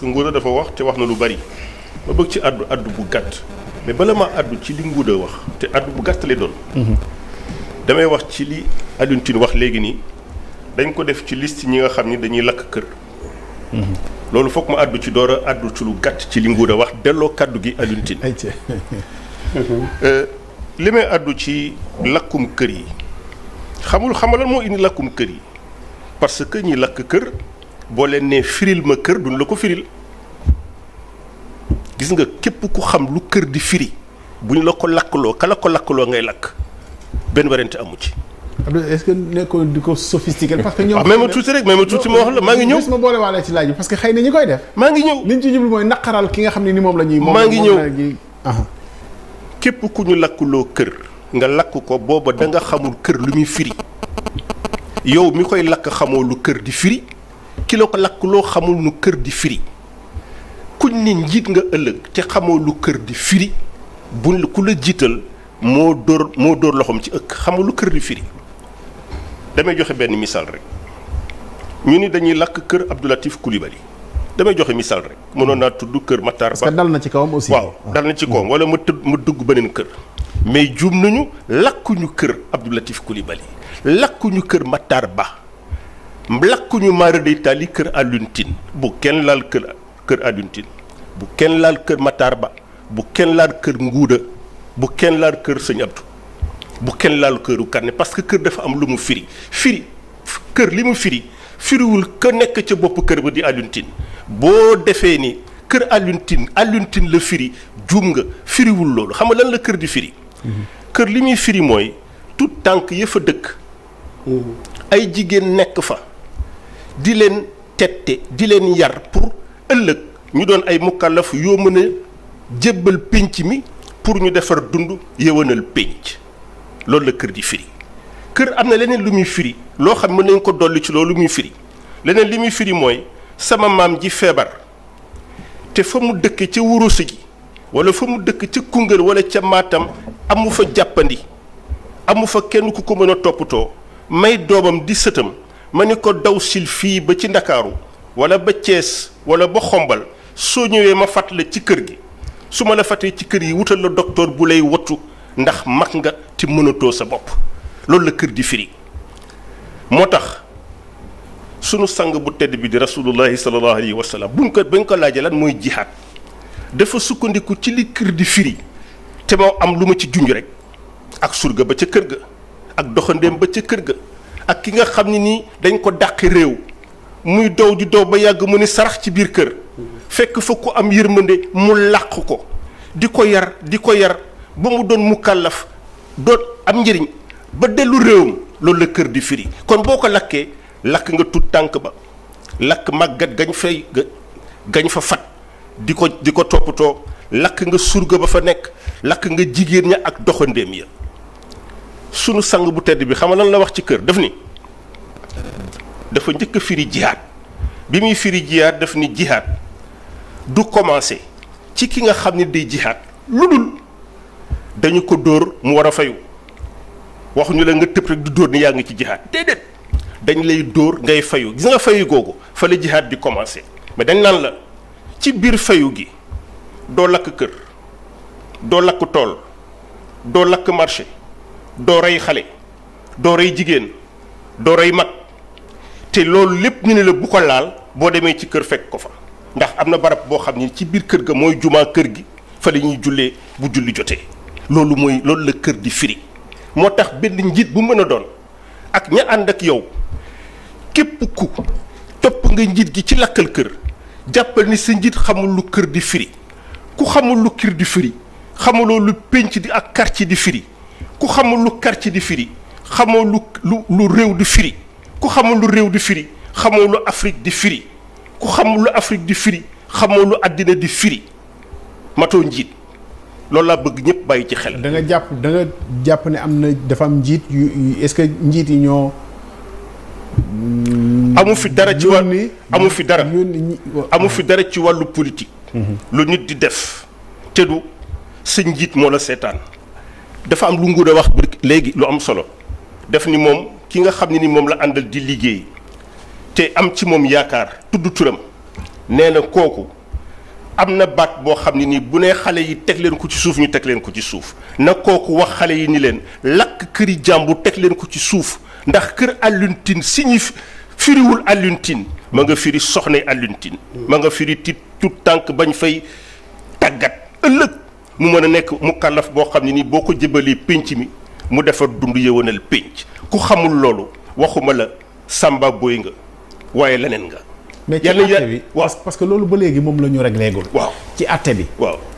parce que a dafa wax te wax na lu bari ma bëgg ci àddu àddu bu gàtt mais bala ma addu ci li a wax te addu bu gàtt lay doon. Mhm. damay wax ci li Alioune Tine wax léegi nii dañ ko def ci list ñi nga xam ni dañuy lakk kër. Mhm. loolu foog ma àddu ci door a àddu ci lu gàtt ci li a wax delloo kàddu gi Alioune Tine. Euh, li may addu ci lakkum kër yi xamul xamalal moo indi lakkum kër yi parce que ñi lakk kër. boo leen nee firil ma kër duñ la ko firil gis nga képp ku xam lu kër di firi bu ñu la ko lakkaloo kala ko lakkaloo ngay lakk benn warante amu ci. est-ce nekkoon di ko sophistiqué. parce que ñoom ah, même tuuti rek même tuuti ma wax la maa ngi ñëw. ma boolewaale ci laaj koy def. maa ngi ñëw liñ ci jublu mooy naqaral ki nga xam ne ni moom la képp ku ñu lakkuloo kër nga lakk ko booba danga xamul kër lu muy firi yow mi koy lakk xamoo lu kër di firi. kilo ko lakk loo xamul nu kër di firi kuñ ni njiit nga ëllëg te xamoo lu kër di firi buñ ku la jiital moo dóor moo dóor loxoom ci ëkk xamoo lu kër di firi damay joxe benn misaal rek ñu ni dañuy lakk kër Abdoulatif Coulibaly damay joxe misaal rek mënoon naa tudd kër Matar Ba parce dal na ci kawam aussi. waaw dal na ci kawam mm. wala ma tëdd ma dugg beneen kër mais juum nañu lakkuñu kër Abdoulatif Coulibaly lakkuñu kër Matar Ba ñu maara day taali kër Alioune bu kenn laal kër kër Alioune bu kenn laal kër Matar Ba bu kenn laal kër Nguuda bu kenn laal kër Sëñ bu kenn laal këru Kane parce que kër dafa am lu mu firi firi kër li mu firi firiwul ka nekk ca bopp kër ba di Alioune boo defee ni kër Alioune Alioune la firi juum nga firiwul loolu xam nga lan la kër di firi. Mm-hmm. kër li muy firi mooy tout tànk ya fa dëkk. Mm-hmm. ay jigéen nekk fa. di leen tette di leen yar pour ëllëg ñu doon ay mukallaf yoo mën a jébbal pénc mi pour ñu defar dund yëwanal pénc loolu la kër di firi kër am na leneen lu muy firi loo xam mën nañ ko dolli ci loolu muy firi leneen li muy firi mooy sama maam ji feebar te fa mu dëkk ca wurusu gi wala fa mu dëkk ca Koungheul wala ca Matam amu fa jàppandi amu fa kenn ku ko mën a toppatoo may doomam di sëtam ma ni ko daw sil fii ba ci ndakaaru wala ba Thiès wala ba xombal soo ñëwee ma fat la ci kër gi su ma la fàttee ci kër yi wutal la docteur bu lay wattu ndax mag nga te mënatoo sa bopp loolu la kër di firi moo tax sunu sang bu tedd bi di rasulullahi sallallahu alayhi wa sallam buñ ba bañ ko laajee lan mooy jihaad dafa sukkandiku ci li kër di firi te moo am lu ma ci junj rek ak surga ba ca kër ga ak doxandeem ba ca kër ga ak ki nga xam ne nii dañ ko dàqi réew muy dow di dow ba yàgg mu ni sarax ci biir kër fekk fa ku am yërmande mu làq ko di ko yar di ko yar ba mu doon mu kàllaf doon am njëriñ ba dellu réewam loolu la kër di firi kon boo ko lakkee lakk nga tut tànk ba lakk màggat gañ fay gañ fa fat di ko di ko toppatoo lakk nga surga ba fa nekk lakk nga jigéen ña ak doxandeem ya sunu sang bu tedd bi xam nga lan la wax ci kër daf ni dafa njëkk fiiri firi bi muy firi jihaad daf ni jihaad du commencé ci ki nga xam ni day jihaad lu dul dañu ko dóor mu war a fayu waxuñu la nga tëb rek du dóor ni yaa ngi ci jihaad déedéet dañ lay dóor ngay fayu gis nga fayu googu fa la jihaad di commencé mais dañ naan la ci biir fayu gi doo lakk kër doo lakk tool doo lakk marché doo rey xale doo rey jigéen doo rey mag te loolu lépp ñu ne la bu ko laal boo demee ci kër fekk ko fa ndax am na barab boo xam ni ci biir kër ga mooy jumaa kër gi fa la ñuy jullee bu julli jotee loolu mooy loolu la kër di firi moo tax benn njiit bu mën a doon ak ña ànd ak yow képp ku topp nga njiit gi ci lakkal kër jàppal ni sa njiit xamul lu kër di firi ku xamul lu kër di firi xamuloo lu pénc di ak quartier di firi ku xamul lu quartier di firi xamoo lu lu lu réew di firi ku xamul lu réew di firi xamoo lu Afrique di firi ku xamul lu Afrique di firi xamoo lu àddina di firi matoo njiit loolu laa bëgg ñëpp bàyyi ci xel. da nga jàpp danga jàpp ne am na dafa am njiit yu est-ce que njiit yi ñoo. Mm, amu fi dara ci wàllu amu fi dara fi dara ci wàllu politique. Mhm. lu nit di def te du sa njiit moo la seetaan. dafa am lu nguur a wax léegi lu am solo def ni moom ki nga xam ne ni moom la àndal di liggéey te am ci moom yaakaar tudd turam nee na kooku am na baat boo xam ne nii bu nee xale yi teg leen ko ci suuf ñu teg leen ko ci suuf na kooku wax xale yi ni leen lakk këri jàmbur teg leen ko ci suuf ndax kër alluntin signif firiwul alluntin ma nga firi soxna alluntin ma nga firi tiit tuut tànk bañ fay tàggat ëllëg mu mën a nekk mu mukallaf boo xam ne nii boo ko jëbalee pénc mi mu defar dund yëwanal pénc ku xamul loolu waxuma la samba boy nga waaye leneen nga. mais ci àtte bi parce que loolu ba léegi moom la ñu réglé gul. waaw ci àtte bi waaw.